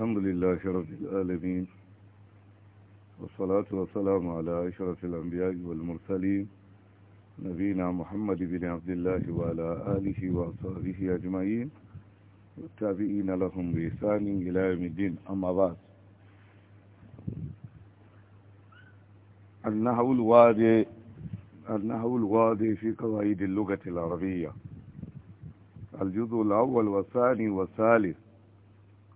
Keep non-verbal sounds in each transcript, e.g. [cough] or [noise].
الحمد لله رب العالمين والصلاة والسلام على أشرف الأنبياء والمرسلين نبينا محمد بن عبد الله وعلى آله وصحبه أجمعين والتابعين لهم بإحسان إلى يوم الدين أما بعد النحو الوادي النحو الوادي في قواعد اللغة العربية الجزء الأول والثاني والثالث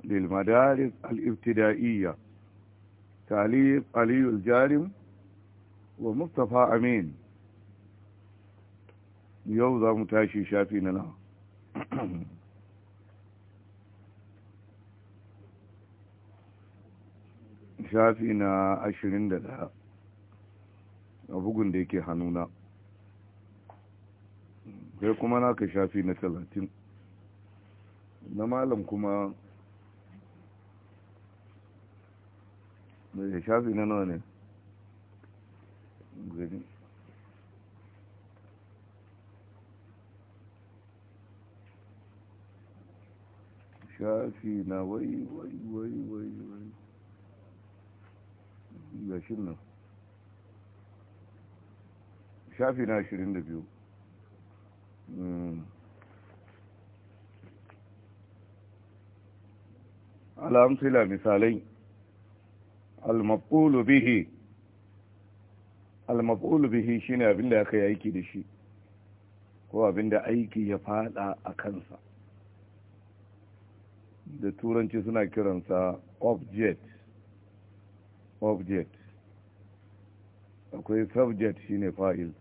للمدارس الابتدائية تعليق علي الجارم ومصطفى Amin. Yau متاشي شافين لها shafi na ashirin da ɗaya a bugun da yake hannuna sai kuma naka shafi na talatin na malam kuma da eh, shafi na nawa ne gani shafi na wai wai wai wai wai gashin nan shafi na ashirin da biyu hmm. alhamdulillah misalai al-maf'ulu bihi al bihi shine abinda aka yi aiki da shi ko abinda aiki ya fada a kansa da turanci suna kiransa object object akwai subject shine fa'il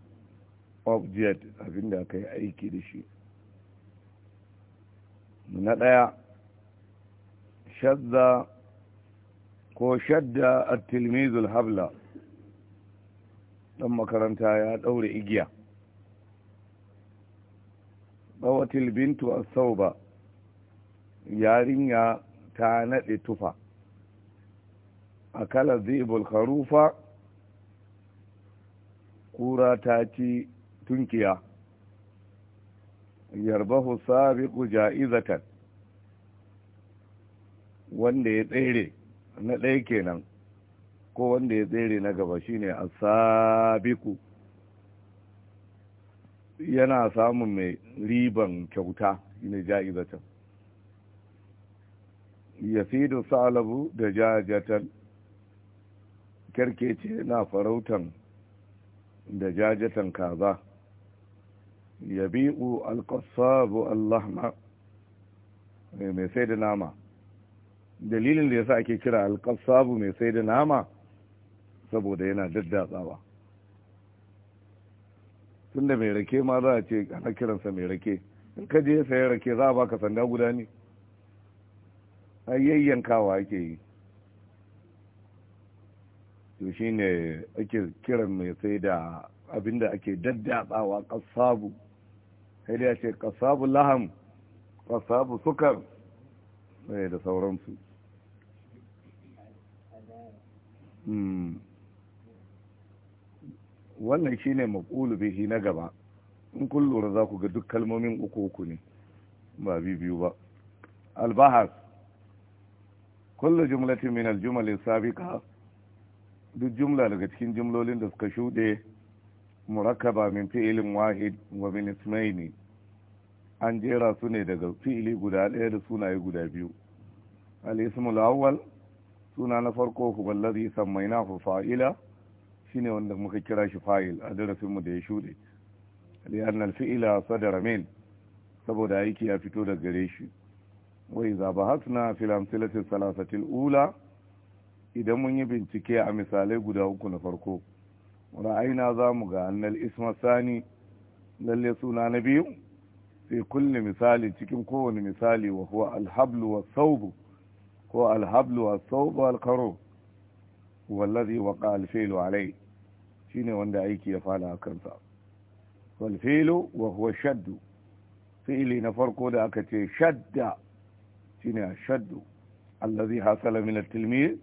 object abinda aka yi aiki da shi na ɗaya shazza ko shadda a tilmizul habla dan makaranta ya daure igiya bawatil bintu as-sauba yarinya ta naɗe tufa A akala zibul kharufa kura ta ci tunkiya yarbahu sabiqu ja'izatan wanda ya tsere na ɗaya kenan ko wanda ya tsere na gaba shine asabiku yana samun mai riban kyauta ne ja'izatan da salabu da jajatan kyarkece na farautan da jajatan kaza yabi'u Allah allahma mai sai da nama dalilin da yasa ake kira alƙasabu mai sai da nama saboda yana daddatsawa tun da mai rake ma za a ce ana kiransa mai rake in ka je sayan rake za a baka sanda guda ne a yayyankawa ake yi to shi ne ake kiran mai sai da abinda ake daddatsawa ƙasabu sai da a ce ƙasabu laham ƙasabu sukar eh, da sauransu Hmm. wannan shine maqulu bihi na gaba in kun lura za ku ga duk kalmomin uku uku ne ba biyu ba albahas kullu jumlatin min aljumal sabiqa duk jumla daga cikin jumlolin da suka shuɗe murakkaba min fi'ilin wahid wa min ne. an jera su ne daga fi'ili guda ɗaya da sunaye guda biyu al-ismul awwal suna na farko huwa allazi ku fa'ila shine wanda muka kira shi fa'il a darasin mu da ya shude li'an al-fi'la sadara min saboda aiki ya fito da gare shi za ba hasna fil amsalati salasati al-ula idan mun yi bincike a misalai guda uku na farko ra'ayina za mu ga annal isma sani lalle suna na biyu Sai kulli misali cikin kowane misali wa huwa alhablu wa saubu ko alhablu a sauba alkaro wallazi waka alfelu alai shi wanda aiki ya fada a kansa walfelu wa huwa shaddu na farko da aka ce shadda shi ne shaddu allazi hasala min tilmir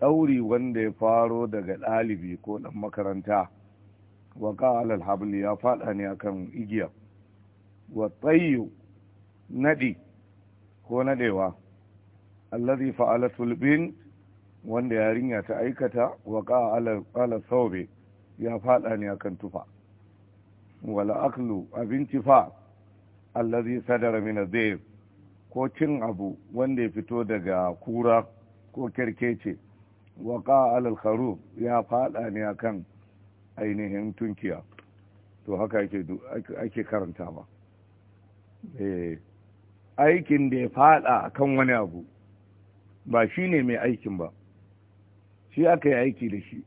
ɗauri wanda ya faro daga ɗalibi ko ɗan makaranta waka alhablu ya fada ne akan igiya wa tsayu naɗi ko naɗewa alladhi fa'alatul bin wanda yarinya ta aikata wa ala ala thawbi ya fada ne akan tufa wala aklu abinci fa alladhi sadara min adhib ko cin abu wanda ya fito daga kura ko kerkece waqa ala al ya fada ne akan ainihin tunkiya to haka ake karanta karantawa eh aikin da ya fada akan wani abu ba shi ne mai aikin ba shi aka yi aiki da shi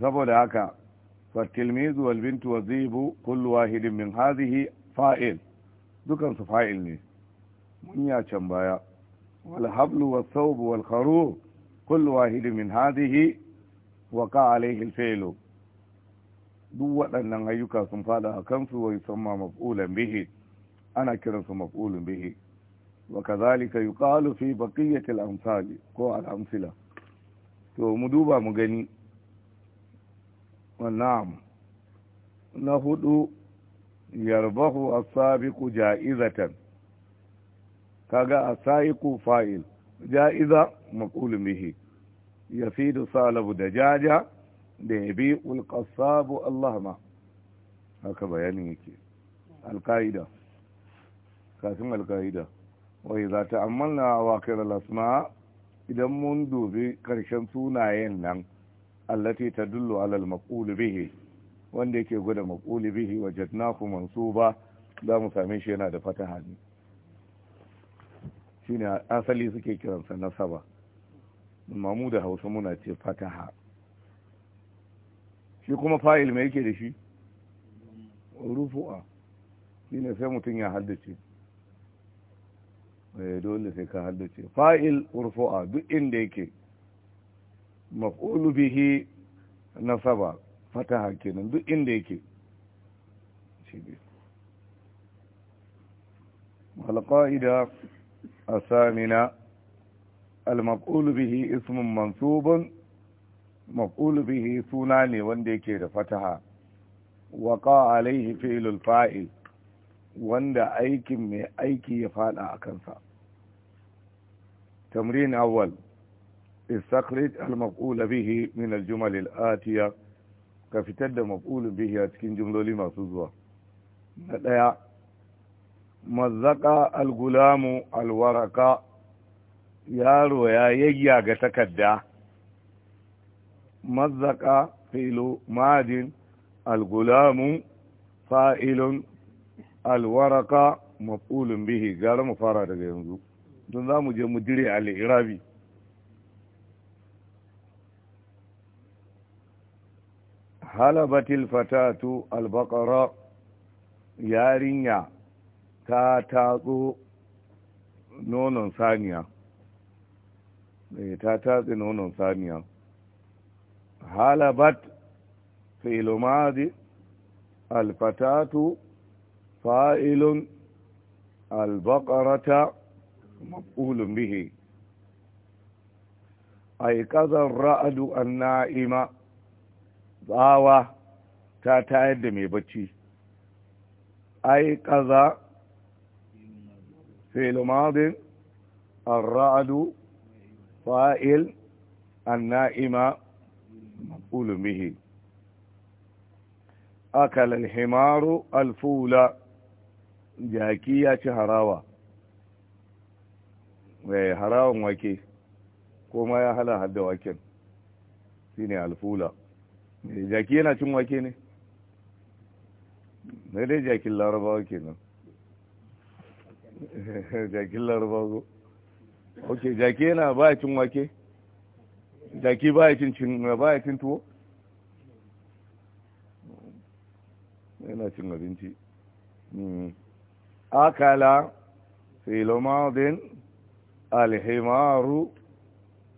saboda haka fatilmizu walbintu wa zibu kullu wahidin min hazihi fa'il dukansu fa'il ne mun ya can baya walhablu wa saubu wal kullu wahidin min hazihi wa ka alaihi duk waɗannan ayyuka sun fada a kansu wa yusamma maf'ulan bihi ana kiransa maf'ulun bihi wa kazalika yuqalu fi baqiyati al amsali ko al-amsila to mu duba mu gani wannan na hudu yarbahu as-sabiqu ja'izatan kaga as-sa'iqu fa'il ja'iza maf'ulun bihi yafidu salabu dajaja da yabi ul qassabu allahma haka bayanin yake al-qaida kafin alka'ida wai za ta amalna a wakil lasma idan mun dubi karshen sunayen nan allati ta dullu alal maƙuli bihi wanda yake gwada maƙuli bihi wa mansu ba za mu same shi yana da fataha ne asali suke kiransa nasaba mamu da hausa muna ce fataha shi kuma fa'il mai yake da shi rufu'a ne sai mutum ya haddace ya eh, dole sai ka hallace fa’il urfu’a duk inda yake maf’ulu bihi nasaba fataha kenan duk inda yake alƙa’ida a samina al bihi ismin mansubin maf'ul bihi suna ne wanda yake da fataha waƙa’a alaihi fi'lul fa’il wanda aikin mai aiki ya fada a kansa tamrin Awal istakhrij al-maqul bihi min al-jumal al-atiya ka fitar da maqul bihi a cikin jumloli masu zuwa na daya mazaƙa al-gulamu al-waraka yaro ya yayya ga takarda mazzaka filu madin al-gulamu fa'ilun alwaraka maf'ulun bihi gara mu fara daga yanzu don za mu je mu dire al'irabi halabatil fatatu albakara yarinya ta tatso nonon saniya eh, ta tatsi nonon saniya halabat filomadi alfatatu fa'ilun albaƙarata maf'ulun bihi aikazar ra'adu an na'ima tsawa ta tayar da mai bacci aikaza fi'il madin الرعد فائل النائم مقول به أكل الحمار الفول jaki ya ci harawa mai eh, harawan wake ko ma ya hala hada waken shi ne alfula mai eh, jaki yana cin wake ne na dai jakin larabawa kenan [laughs] jakin larabawa ok jaki yana ba ya cin wake jaki ba ya cin tuwo yana cin abinci hmm. أكل في لماض الحمار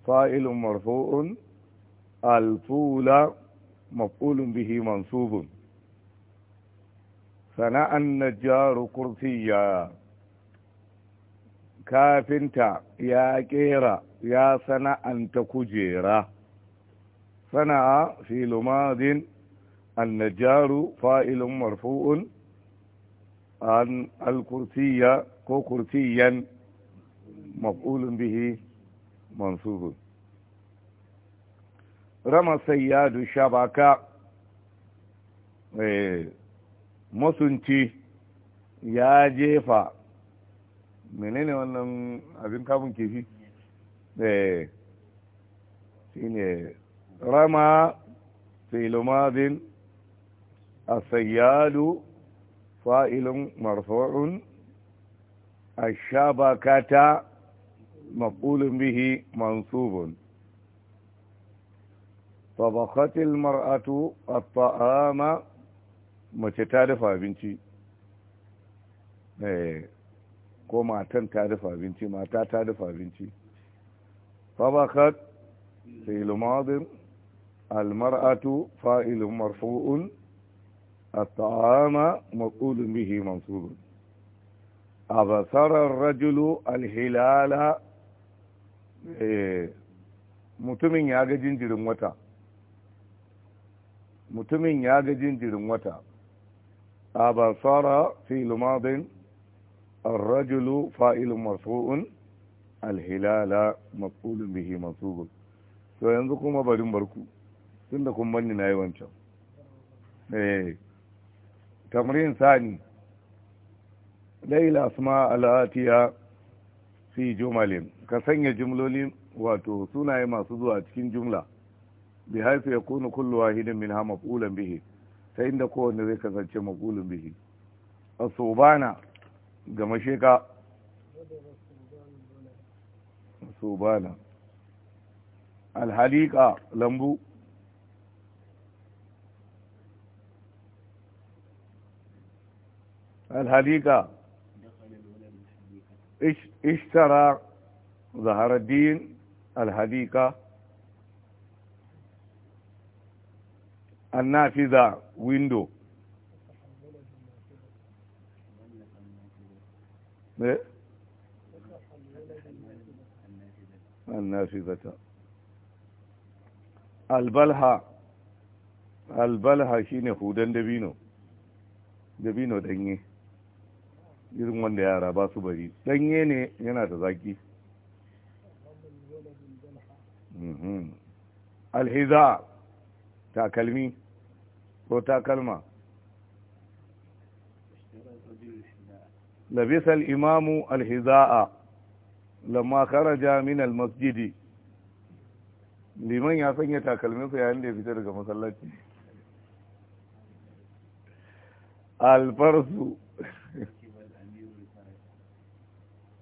فائل مرفوع الفول مفعول به منصوب ثناء النجار كرسيا كاف انت يا كيرا يا ثناء أنت كجيرا ثناء في لماض النجار فائل مرفوع an alkursiya ko kursiyan maf'ulun bihi mansubun rama sayyadu shabaka masunci ya jefa menene wannan abin kamun kifi? shi ne rama filomadin a sayyadu fa'ilun marfu'un ashabakata maf'ulun bihi mansubun طبخت المرأة الطعام mace ta dafa abinci eh, ko matan ta dafa abinci mata ta dafa abinci طبخت في الماضي المرأة فائل مرفوع الطعام مقول به منصوب أبصر الرجل الهلال mutumin ya ga jinjirin wata mutumin ya ga jinjirin wata abasara fil madin الرجل فائل مرفوع الهلال مفعول به منصوب to yanzu kuma barin barku tunda kun banni nayi wancan تمرين ثاني ليلة أسماء الآتية fi jumalin ka sanya jumloli wato sunaye masu zuwa cikin jumla bi haifu ya kunu kullu wahidin min ha maf'ulan bihi ta inda kowanne zai kasance maf'ulan bihi asubana ga masheka asubana alhalika lambu الحليقة اشترى ظهر الدين الحديقة النافذة ويندو إيه؟ النافذة البلها البلها شيني خودن دبينو دبينو دنيه irin wanda yara ba su bari ɗanye ne yana da zaki mhm. alhiza takalmi ko takalma labisa al'imamu alhiza'a lamma kharaja min almasjidi liman ya sanya su yayin da ya fita daga masallaci alfarsu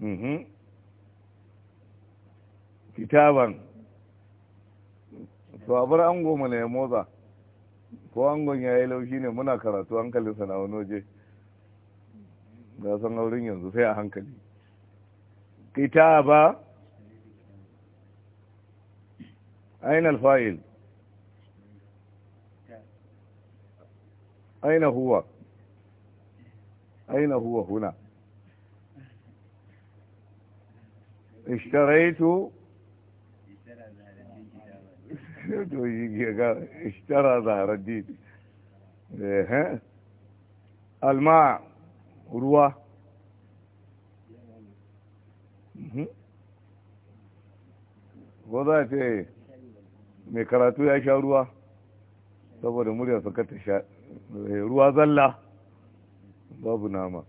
Mhm. kitaban to abar ango mu ne motsa ko angon ya yi laushi ne muna karatu hankalinsa na wani waje ga san aurin yanzu sai a hankali kitaba أين الفايل أين huwa أين huwa huna اشتريت اشترى ظهر الدين ها الماء روى ko ce mai karatu ya sha ruwa saboda muryarsa ka ta sha ruwa zalla babu nama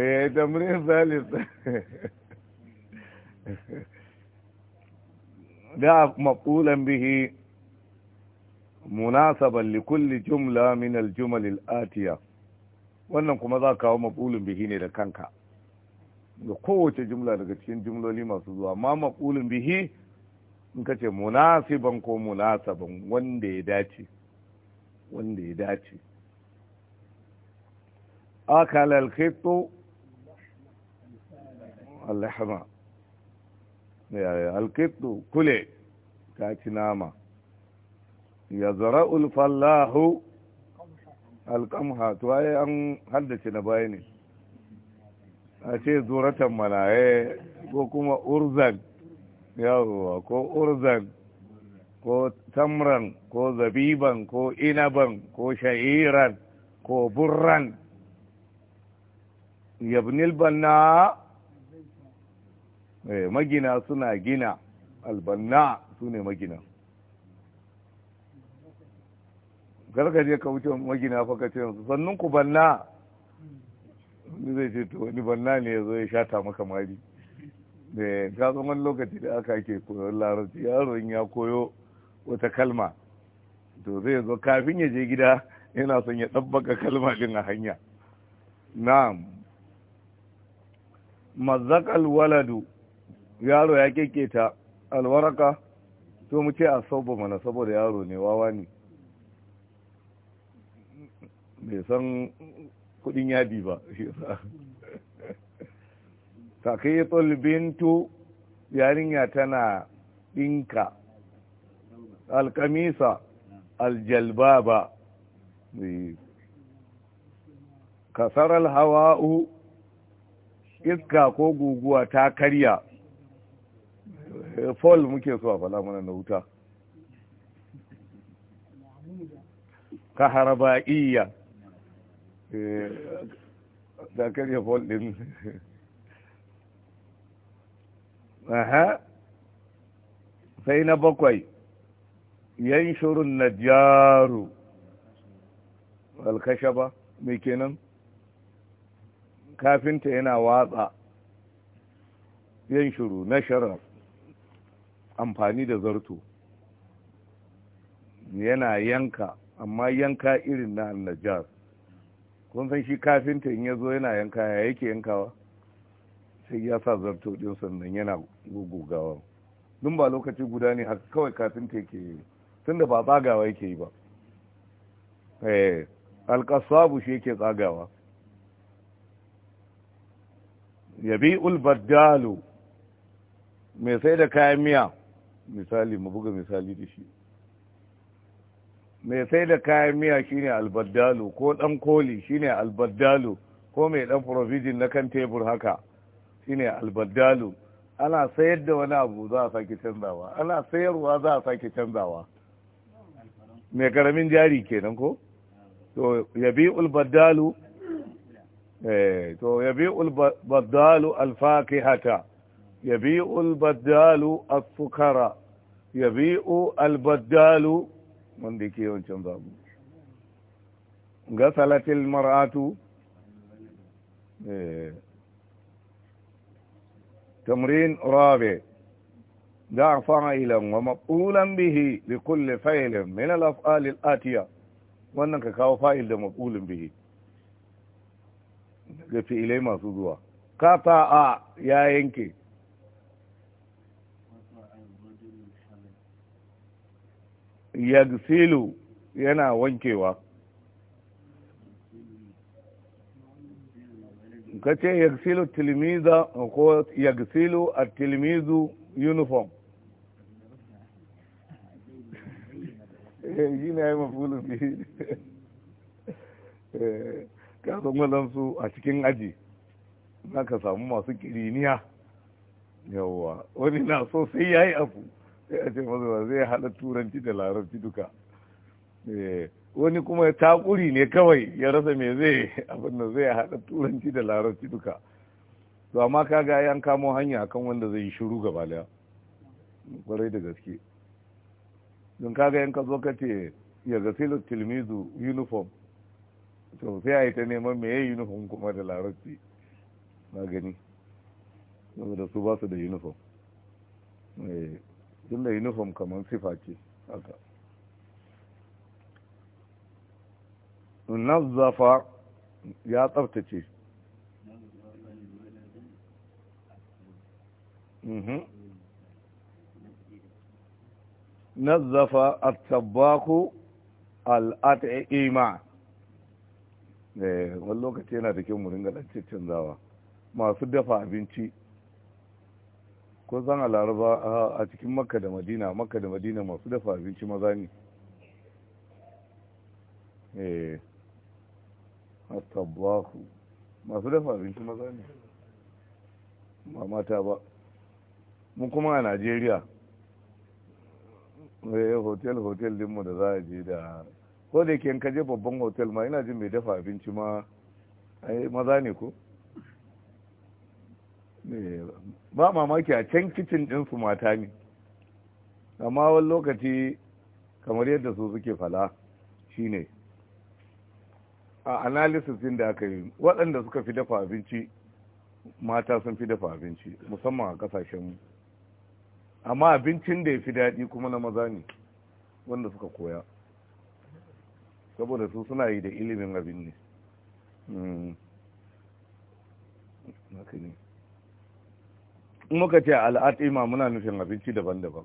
eh tamrin salis da maqulan bihi munasaban li kulli jumla min al-jumal al-atiya wannan kuma za ka kawo maqulun bihi ne da kanka ga kowace jumla daga cikin jumloli masu zuwa ma maqulun bihi in ka ce munasiban ko munasaban wanda ya dace wanda ya dace akala al allahama alkittu kule ka ci nama ya zara ulfallahu alkamha to an haddace na baya ne a ce zuratan malaye ko kuma urzan yawwa ko urzan ko tamran ko zabiban ko inaban ko sha'iran ko burran yabnil banna Eh, magina suna gina albanna su ne magina gargaje ka wuce magina fakace ce su sannan ku banna wani zai ce to wani banna ne ya zo ya shata maka mari da eh, ka wani lokaci da aka ke koyon larabci yaron ya koyo wata kalma to zai zo kafin ya je gida yana son ya ɗabbaka kalma din a hanya Na. mazakal waladu yaro ya keketa alwaraka to mu ce a sauba mana saboda yaro ne wawa ne bai san kudin yadi ba [laughs] takaitul bintu yarinya tana dinka alkamisa aljalbaba kasar alhawa'u iska ko guguwa ta karya Fol muke so a fala mana na wuta eh, ka da din aha sai na bakwai yan shirin na jaru alkashe ba mai kenan kafinta yana watsa yan shiru na sharar amfani da zarto yana yanka amma yanka irin na annajar kun san shi kafinta in ya zo yana yanka ya yake yankawa sai ya sa zarto din sannan yana gugugawa dun ba lokaci guda ne haka kawai kafinta yake yi tun da ba tsagawa yake yi ba eh alƙasabu shi yake tsagawa yabi ulbaddalu mai sai da kayan miya misali mu buga misali da shi mai sai da kayan miya shine albaddalu ko dan koli shine albaddalu ko mai dan provision na kan tebur haka shine albaddalu ana sayar da wani abu za a sake canzawa ana sayarwa za a sake canzawa mai karamin jari kenan ko to yabi ulbaddalu eh, to yabi ulbaddalu alfakihata يبيع البدال الفكرة يبيع البدال من ديكي يونشن ضابو غسلت المرأة تمرين رابع دع فاعلا ومقولا به لكل فعل من الأفعال الآتية وأنك كاو فاعل مقول به في fi'ilai masu zuwa kafa'a ya yanke yagsilu yana wankewa kace ce yagsilu tilmiza ko yagsilu a tilmizu uniform yi na yi mafulun biyu a cikin aji na ka samu masu kiriniya yawwa wani na so sai ya yi abu sai a ce mazuwa zai haɗa turanci da larabci duka eh, wani kuma takuri ne kawai ya rasa me zai abin da zai haɗa turanci da larabci duka to amma kaga yan kamo hanya kan wanda zai yi shiru gaba daya kwarai da gaske don kaga yan ka zo ka ce ya ga silas tilmizu uniform to sai a yi ta neman me ya uniform kuma da larabci na gani saboda su ba su da uniform eh. tun da uniform kamar sifa ce haka nazzafa ya tsaftace mhm. Nazafa a tabbaku al eh, wani lokaci yana da kyau mu ringa dan canzawa masu dafa abinci ko zan a laraba a cikin makka da madina makka da madina masu dafa abinci maza ne eh astabaku masu dafa abinci maza ne ba mata ba mu kuma a najeriya eh, hotel hotel dinmu da za a je da ko da yake ka je babban hotel ma ina jin mai dafa abinci ma maza ne ko Eh, ba mamaki a can kicin su mata ne amma wani lokaci kamar yadda su suke fala shine a analysis din da aka yi waɗanda suka fi dafa abinci mata sun fi dafa abinci musamman a mu amma abincin da ya fi daɗi kuma na maza ne wanda suka koya saboda su suna yi da ilimin abin ne hmm. in muka ce al'adima muna nufin abinci daban-daban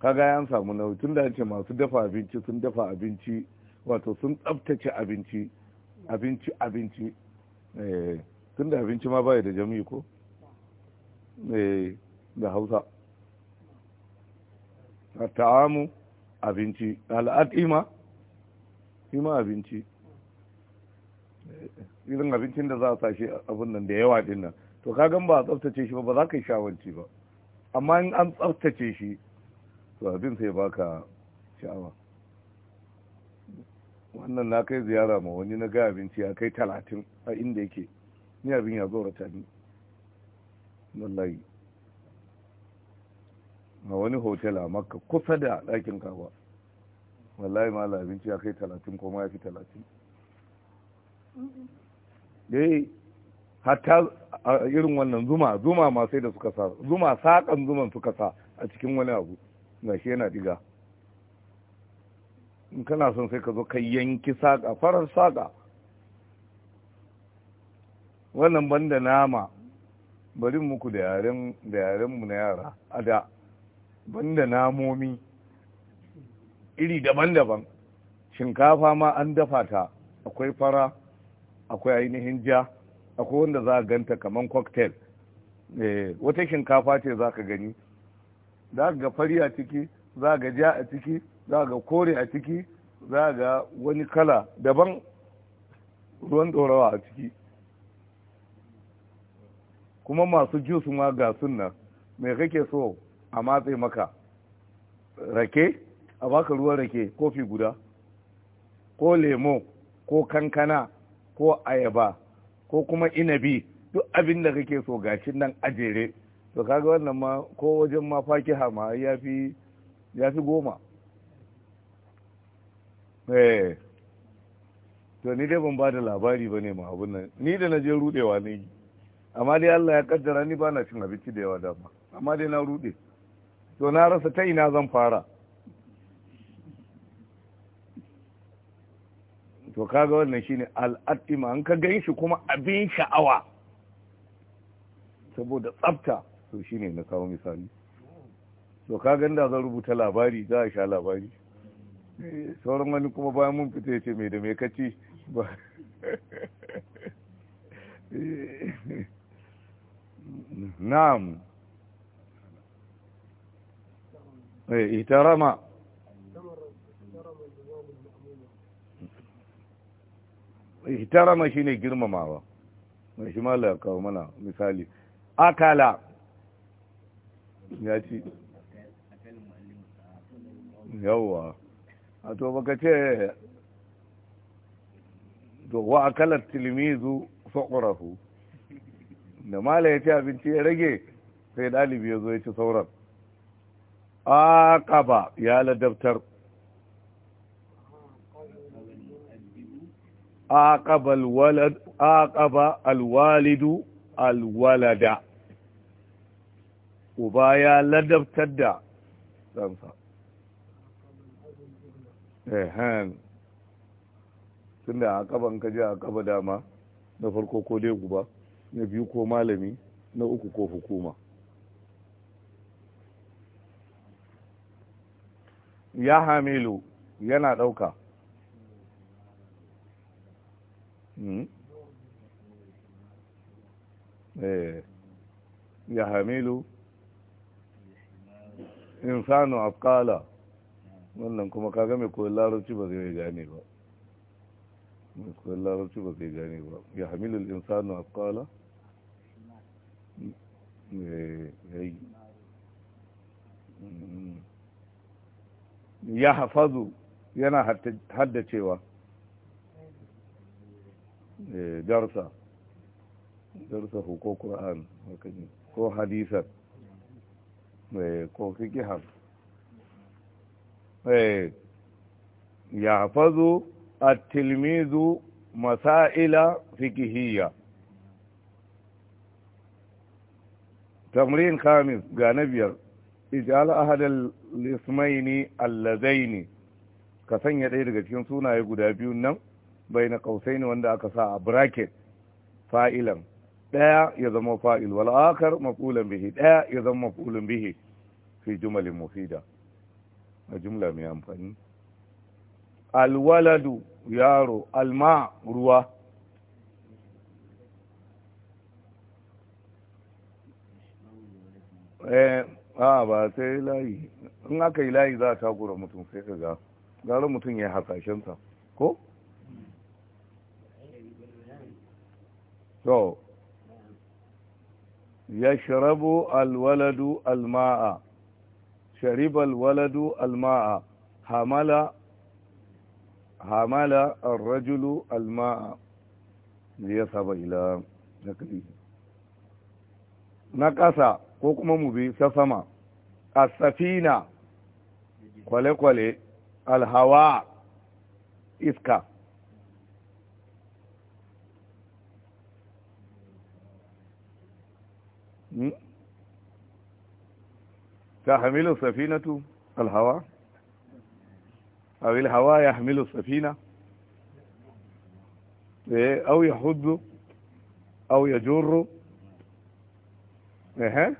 kaga ya samu nauyi tun da ce masu dafa abinci sun dafa abinci wato sun tsabtace abinci abinci abinci eh, tun da abinci ma baya da jami'i ko eh, da hausa a ta'amu abinci al'adima ima abinci eh, irin abincin da za a sashi abin nan da yawa din nan to ka gan ba a tsaftace shi ba ba za ka yi shawanci ba amma in an tsaftace shi to abin sai baka sha'awa wannan na kai ziyara ma wani na gaya abinci ya kai talatin a inda yake ni abin ya ta ni wallahi a wani hotel a makka kusa da ɗakin kawa wallahi ma abinci ya kai talatin ko ma ya fi talatin dai mm-hmm. eh, hatta irin wannan zuma zuma ma sai da suka sa zuma saƙan zuman suka sa a cikin wani abu na shi yana diga in kana son sai ka zo ka yanki saƙa farar saƙa wannan banda nama bari muku da yaren da yarenmu na yara a da banda namomi iri daban-daban shinkafa ma an dafa ta akwai fara akwai ainihin ja akwai wanda za a ganta kamar cocktail eh, wata shinkafa ce za ka gani za ga fari a ciki za ga ja a ciki za ga kore a ciki za ga wani kala daban ruwan dorawa a ciki kuma masu jus ma ga sunna mai kake so a matse maka rake a baka ruwan rake kofi guda ko lemo ko kankana ko ayaba ko kuma inabi duk abin da kake so gashi nan a jere to kaga wannan ma ko wajen ma fakiha ma ya fi ya fi goma eh to ni dai ban ba da labari ba ne ma abun nan ni da na je rudewa ne amma dai Allah ya kaddara ni ba na cin abinci da yawa dama amma dai na rude to na rasa ta ina zan fara to kaga wannan shine al'attima an ka gan shi kuma abin sha'awa saboda tsafta to shine na kawo misali to kaga inda zan rubuta labari za a sha labari eh, sauran wani kuma bayan mun fita ya ce mai da mai kaci ba [laughs] eh, na'am eh, rama. ihtarama shine girmamawa mai shi ma la kawo mana misali akala ya ci yawwa a to baka ce to wa akalar tilmizu sakurahu da mala ya ci abinci ya rage sai dalibi ya zo ya ci sauran akaba ya ladabtar aqaba alwalidu alwalada uba ya ladabtar da ɗansa ehem tunda a kaban ka je a dama na farko ko dai guba na biyu ko malami na uku ko hukuma ya hamilu yana ɗauka Hmm? Eh, ya hamilu insanu afkala wannan kuma kaga mai koyon larabci ba zai gane ba mai koyon larabci ba zai gane ba ya hamilu insanu afkala hmm. eh, eh. hmm. ya hafazu yana haddacewa Eh, darsa darsa ko Qur'an ko hadisan eh, ko fikihan eh, ya fazo a tilmizu masa'ila fikihiyya tamrin khamis ga na biyar ijal ahadar lismaini allazaini ka sanya ɗaya daga cikin sunaye guda biyun nan bai na kausaini wanda aka sa a bracket fa'ilan ɗaya ya zama fa'il wal akhar mafulan bihi ɗaya ya zama mafulun bihi fi jumalin mufida a jumla mai amfani alwaladu yaro alma ruwa eh ah ba sai layi in aka yi layi za a takura mutum sai ka ga gara mutum ya hasashensa ko so ya shirabu alwaladu alma'a shariba alwaladu alma'a hamala hamala arrajulu alma'a liyasaba ila naklihi na ƙasa ko kuma mu bi ta sama a safina kwale-kwale alhawa iska ta hamilu safinatu alhawa أو الهواء يحمل السفينة أو يحض أو يجر ehe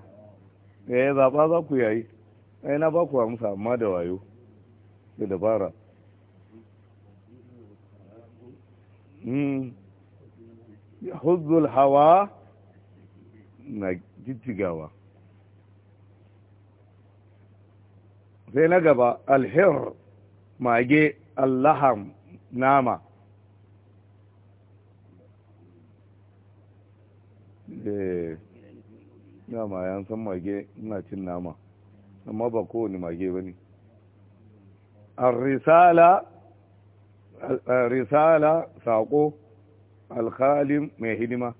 eh zaba za ku yayi ai na ba ku amsa amma da wayo da dabara hmm yahudul hawa na jijjigawa sai na gaba alhir mage allaham nama eh, nama ya san mage ina cin nama amma ba kowane mage ba ne risala risala saƙo alkhalim mai hidima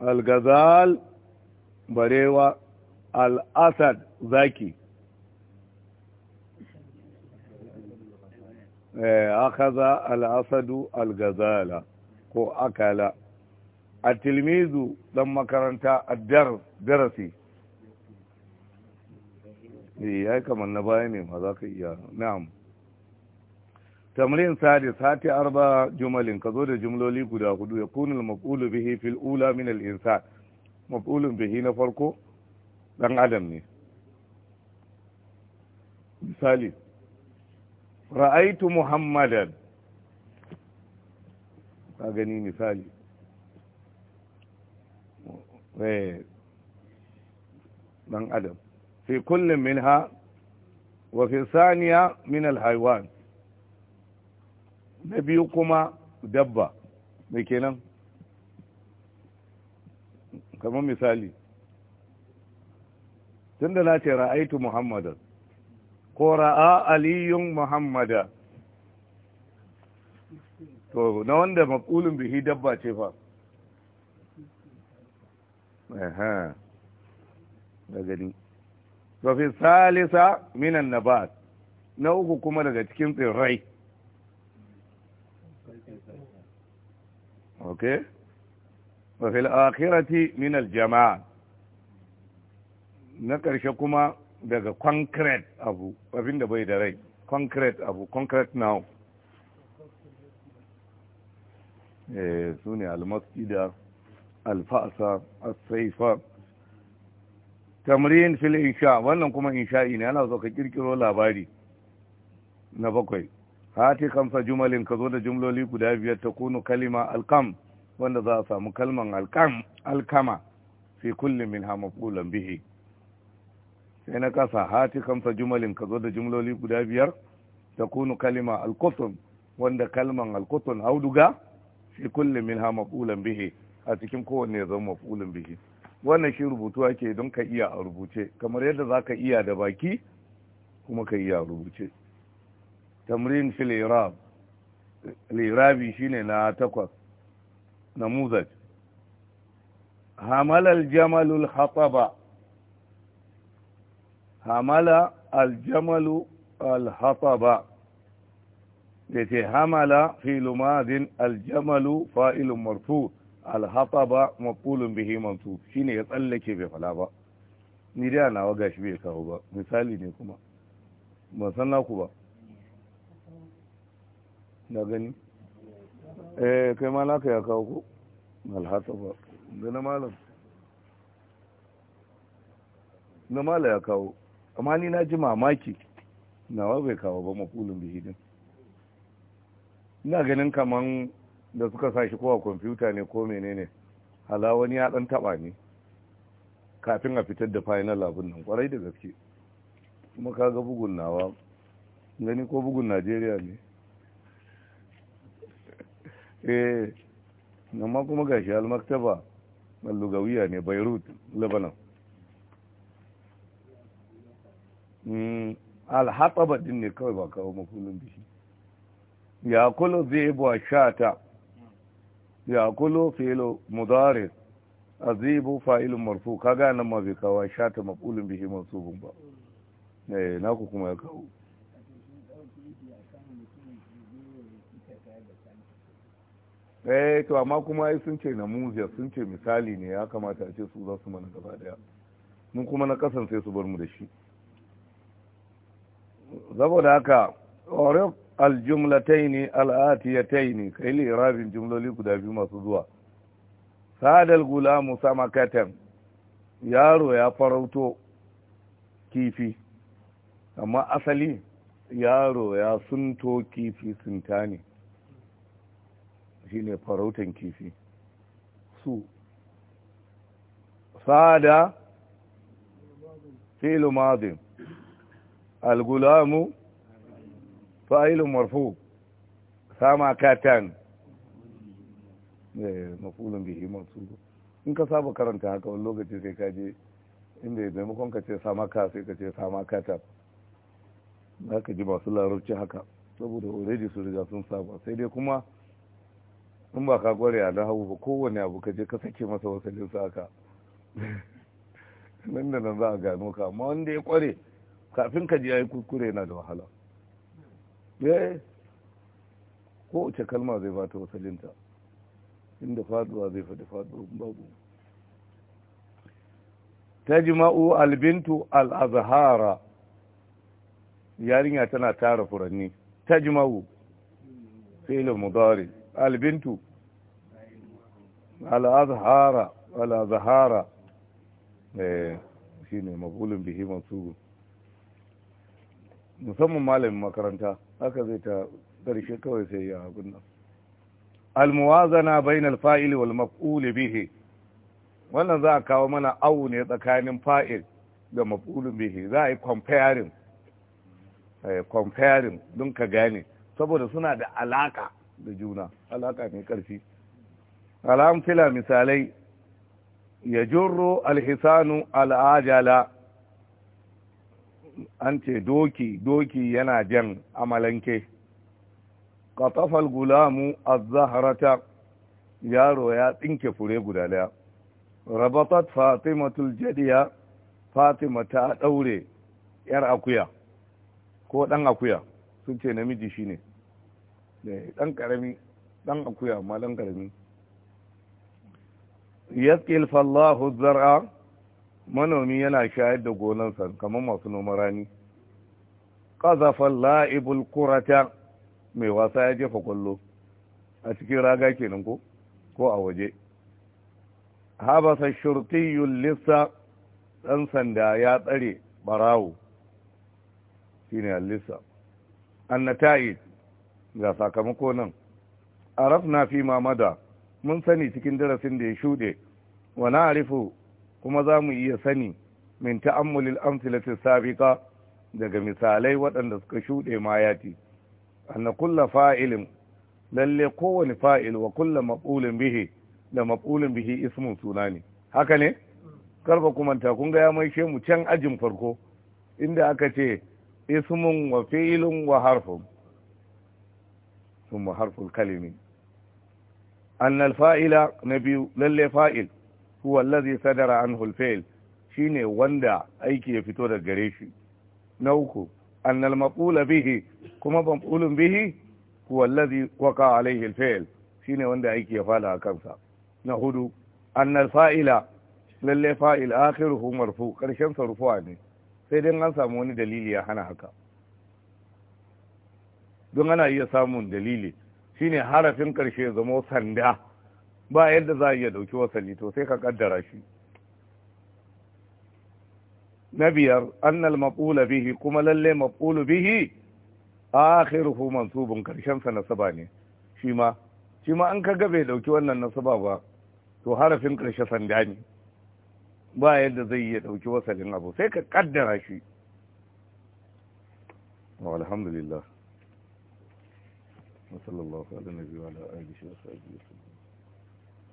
al-gazal barewa al-asad zaki eh, akaza al-asadu al-gazala ko akala at-tilmizu dan makaranta a darasi eh kamar na baya ne ma za ka iya nam. tamrin sadis sati arba jumalin ka zo da jumloli guda hudu ya kuni maf'ulu bihi fil ula min al insan maf'ulun bihi na farko dan adam ne misali ra'aitu muhammadan ka gani misali eh, dan adam fi kullum minha wa fi saniya min al haywan na biyu kuma dabba mai kenan kamar misali tun da na ce ra'aitu muhammadan ko ra'a aliyun muhammada to na wanda maƙulun bihi dabba ce fa aha da gani to fi salisa minan nabat na uku kuma daga cikin tsirrai ok wa fil akhirati min al jama'a na karshe kuma daga concrete abu abin da bai da rai concrete abu concrete now eh su ne al-masjida al-fa'sa as-saifa tamrin fil insha wannan kuma insha'i ne ana so ka kirkiro labari na bakwai hati kamsa jumalin ka zo da jumloli guda biyar ta kunu kalima alkam wanda za a samu kalman alkam alkama fi kullum min hamakulan bihi sai na kasa hati kamsa jumalin ka zo da jumloli guda biyar ta kunu kalima alkutun wanda kalman alkutun auduga fi kullum min hamakulan bihi a cikin kowanne ya zama bihi wannan shi rubutu ake don ka iya a rubuce kamar yadda za ka iya da baki kuma ka iya a rubuce tamrin fil irab lirabi shine na takwas namuzaj hamala ba alhataba hamala aljamal alhataba yace hamala fi'lu madin aljamal fa'ilun marfu alhataba maqulun bihi mansub shine ya tsallake bai fala ba ni da nawa gashi bai kawo ba misali ne kuma ban san naku ba da gani eh kai ma naka ya kawo ko malhata ba na malam na mala ya kawo amma ni na ji mamaki nawa bai kawo ba da hidin. ina ganin kaman da suka sa shi kowa kwamfuta ne ko menene hala wani ya dan taba ne kafin a fitar da final abin nan kwarai da gaske kuma kaga bugun nawa gani ko bugun najeriya ne eh amma kuma ga shi almaktaba al-lugawiya ne Beirut Lebanon hmm, alhataba al din ne kawai ba kawo makulun bishi ya kulu zibu wa shata ya kulo kulu fi'lu a azibu fa'ilun marfu kaga nan ma bai kawo shata maqulun bihi mansubun bumba. Eh, na ku kuma ya kawo eh to amma kuma ai sun ce namuziya sun ce misali ne ya kamata a ce su za su mana gaba daya mun kuma na kasan sai su bar mu da shi saboda haka orif aljumlataini ne kai lirabin jumloli guda biyu masu zuwa sadal gulamu samakatan yaro ya farauto kifi amma asali yaro ya sunto kifi sunta ne shine farautan kifi su sada fi'lu madin al-gulamu marfu sama katan eh, mafulun bihi masu in ka saba karanta haka wani lokaci sai ka inda ya maimakon ka ce sama ka sai ka ce sama katan za ka ji masu larabci haka saboda already su riga sun saba sai dai kuma in ba ka kware a hau ba kowane abu ka je ka sake masa wasalin saka [laughs] nan da nan za a gano ka amma wanda ya kware kafin ka ji ya yi kuskure yana da wahala ko eh, kowace kalma zai bata wasalinta inda faduwa zai faɗi faduwa babu ta jima'u albintu al'azahara yarinya tana tara furanni ta jima'u filin mudari albintu al'azhara al'azhara shi ne mafulin bihi masu musamman malamin makaranta haka zai ta ƙarshe kawai sai ya abin nan almuwazana bainal fa'il wal maf'ul bihi wannan za a kawo mana awu ne tsakanin fa'il da maf'ul bihi za a yi comparing eh comparing don ka gane saboda suna da alaka da juna alaƙa mai ƙarfi al'amfila misalai ya jirro alhisanu al'ajala an ce doki doki yana jan amalanke ƙatafal gulamu azzaharata yaro ya tsinke fure guda daya rabatat fatimatul jadiya fatima ta ɗaure ‘yar akuya ko ɗan akuya sun ce namiji shine ne dan eh, karami dan akuya amma dan karami yaskil fallahu zar'a manomi yana shayar da gonansa kamar masu noman rani qazafa la'ibul qurata mai wasa ya jefa kwallo a cikin raga kenan ko ko a waje habasa shurtiyul lissa dan sanda ya tsare barawo shine al-lissa ga sakamako nan araf na fi mamada mun sani cikin darasin da ya shuɗe wa na'rifu kuma za mu iya sani min ta'ammulil amsilati sabiqa daga misalai waɗanda suka shuɗe mayati anna kulla fa'ilin lalle kowane fa'il wa kulla maf'ulin bihi da maf'ulin bihi ismun suna ne haka ne karfa kumanta kun ga ya maishe mu can ajin farko inda aka ce ismun wa fi'ilun wa harfun ثم حرف الكلم أن الفائل نبي للي فائل هو الذي صدر عنه الفعل shine wanda aiki ya fito daga gare shi na uku annal maqula bihi kuma maqulun bihi huwa allazi waqa alayhi alfi'l shine wanda aiki ya fada kansa na hudu annal fa'ila lalle fa'il akhiruhu marfu karshen sa ne sai dan an samu wani dalili ya hana haka don ana iya samun dalili shine harafin karshe zama sanda ba yadda za a iya dauki wasanni to sai ka kaddara shi na biyar annal maɓula bihi kuma lalle maɓulu bihi a akhiruhu mansubun karshen sa nasaba ne shi ma shi ma an bai dauki wannan nasaba ba to harafin karshe sanda ne ba yadda zai iya dauki wasalin abu sai ka kaddara shi alhamdulillah وصلى الله على النبي وعلى آله وصحبه وسلم